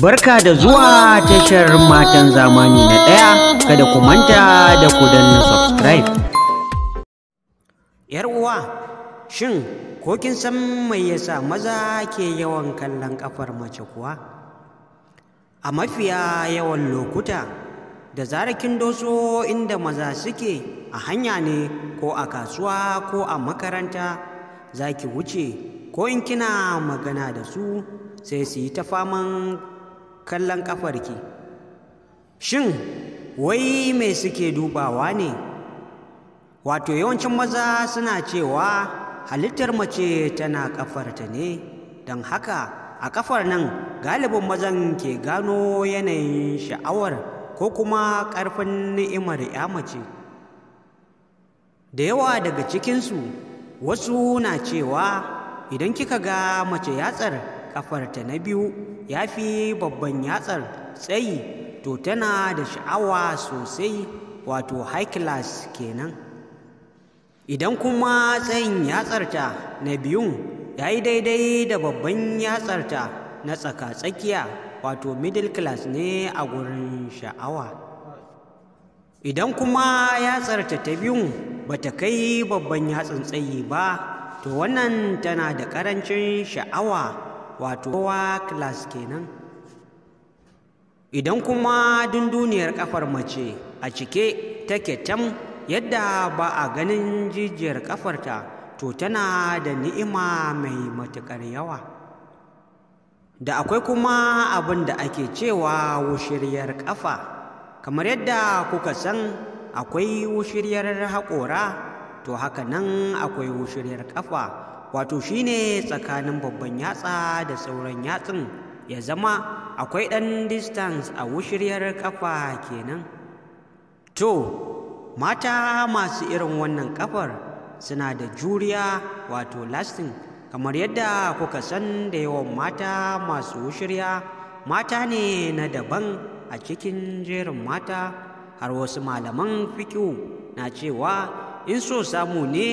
Barka da zuwa tashar matan zamani na ɗaya kada ku manta da ku danna subscribe. Yar uwa, shin ko kin san mai yasa maza ke yawan kallon kafar mace kuwa? A mafiya yawan lokuta, da zarar kin doso inda maza suke a hanya ne ko a kasuwa ko a makaranta za ki wuce ko in kina magana da su sai su yi ta faman kallon ƙafarki shin wai mai suke dubawa ne wato yawancin maza suna cewa halittar mace tana ƙafarta ne don haka a ƙafar nan galibin mazan ke gano yanayin sha'awar ko kuma ƙarfin ni'imar ya mace da yawa daga cikinsu wasu na cewa idan kika ga mace yatsar ƙafarta na biyu ya fi babban yatsar tsayi to tana da sha'awa sosai wato high class kenan idan kuma tsayin yatsarta na biyun ya yi daidai da babban yatsarta na tsaka-tsakiya wato middle class ne a gurin sha'awa idan kuma yatsarta ta biyun ba ta kai babban yatsun tsayi ba to wannan tana da ƙarancin sha'awa wato kowa class kenan idan kuma dunduniyar kafar mace a cike take tam yadda ba a ganin jijiyar kafarta to tana da ni'ima mai matuƙar yawa da akwai kuma abin da ake cewa wushiryar kafa kamar yadda kuka san akwai wushiryar haƙora to haka nan akwai wushiriyar ƙafa wato shine tsakanin babban yatsa da sauran yatsun ya zama akwai ɗan distance a wushiriyar kafa kenan to mata masu irin wannan ƙafar suna da juriya wato lasting kamar yadda kuka san da yawan mata masu wushiriya, mata ne na daban a cikin jerin mata har wasu malaman fikiu na cewa in so samu ne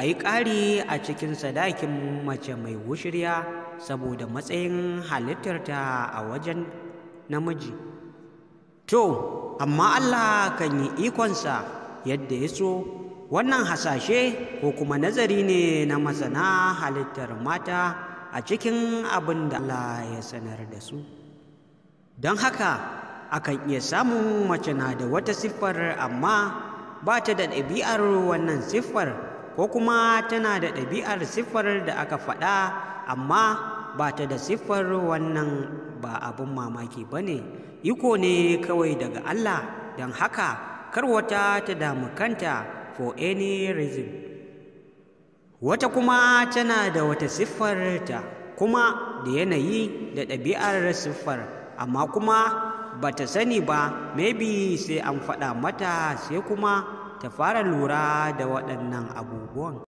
a yi ƙari a cikin sadakin mace mai wushirya saboda matsayin halittarta a wajen namiji to amma allah kan yi ikonsa yadda ya so wannan hasashe ko kuma nazari ne na masana halittar mata a cikin abin da allah ya sanar da su don haka akan iya samun mace na da wata siffar amma ba ta da ɗabi'ar wannan siffar ko kuma tana da ɗabi'ar siffar da aka faɗa amma ba ta da siffar wannan ba abin mamaki ba ne iko ne kawai daga Allah don haka kar wata ta damu kanta for any reason wata kuma tana da wata siffar ta kuma da yanayi da ɗabi'ar siffar amma kuma Ba ta sani ba maybe sai an faɗa mata sai kuma ta fara lura da waɗannan abubuwan